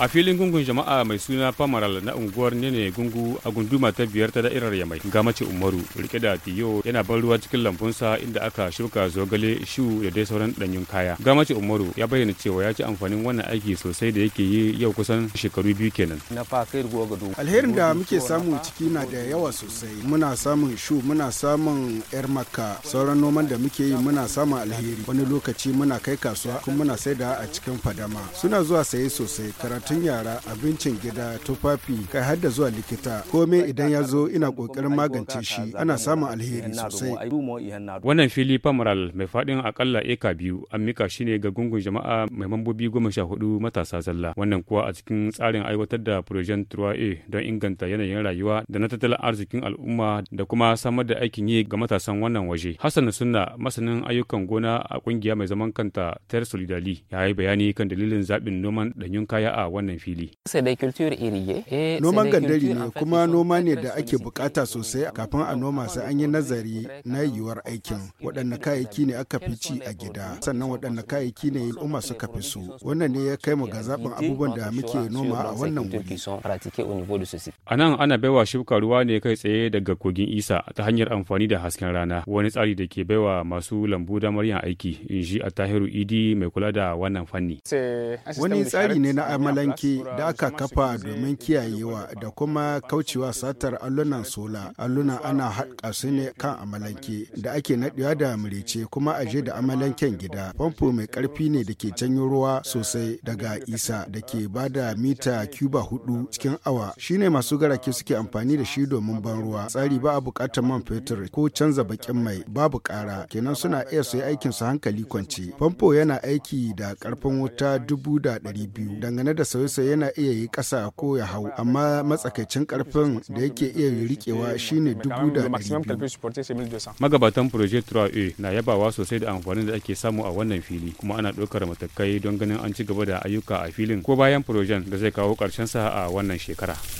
a filin gungun jama'a mai suna pamaral na unguwar nene gungu a gunduma ta biyar ta da'irar yamai ga mace umaru rike da tiyo yana ban ruwa cikin lambunsa inda aka shuka zogale shu da dai sauran danyun kaya ga umaru ya bayyana cewa ya ci amfanin wannan aiki sosai da yake yi yau kusan shekaru biyu kenan alherin da muke samu ciki na da yawa sosai muna samun shu muna samun yar maka sauran noman da muke yi muna samun alheri wani lokaci muna kai kasuwa kuma muna saida a cikin fadama suna zuwa saye sosai karatu tun yara abincin gida tufafi kai har da zuwa likita komai idan ya zo ina kokarin magance shi ana samun alheri sosai wannan fili pamaral mai faɗin akalla eka biyu an mika shi ne ga gungun jama'a mai mambobi goma sha hudu matasa zalla wannan kuwa a cikin tsarin aiwatar da projen 3 e don inganta yanayin rayuwa da na tattalin arzikin al'umma da kuma samar da aikin yi ga matasan wannan waje hassan sunna masanin ayyukan gona a kungiya mai zaman kanta ter solidali ya yi bayani kan dalilin zaɓin noman ɗanyun kaya a wannan fili. Eh, Noman gandari ne kuma noma ne da ake bukata sosai kafin a noma sai an yi nazari na yiwuwar aikin waɗanne kayayyaki ne aka fi ci a gida sannan waɗanne kayayyaki ne al'umma suka fi so wannan ne ya kai mu ga zaɓin abubuwan da muke noma a wannan wuri. A nan ana baiwa shuka ruwa ne kai tsaye daga kogin isa ta hanyar amfani da hasken rana wani tsari da ke baiwa masu lambu damar yin aiki in ji a tahiru idi mai kula da wannan fanni. Wani tsari ne na amalan yanki da aka kafa domin kiyayewa da kuma kaucewa satar allunan sola alluna ana haɗa su ne kan amalanke da ake naɗewa da murice kuma aje da amalanken gida famfo mai ƙarfi ne da ke janyo ruwa sosai daga isa da ke ba da mita cuba hudu cikin awa shine masu garaki suke amfani da shi domin ban ruwa tsari ba a buƙatar man fetur ko canza bakin mai babu ƙara kenan suna iya su yi aikin hankali kwance famfo yana aiki da ƙarfin wuta dubu da ɗari biyu dangane da sauye yana iya yi ƙasa ko ya hau amma matsakaicin karfin da yake iya rikewa shine dubu da magabatan projet 3a e na yabawa sosai da amfanin da ake samu a wannan fili kuma ana ɗaukar matakai don ganin an ci gaba da ayyuka a filin ko bayan projen da zai kawo ƙarshen sa a wannan shekara.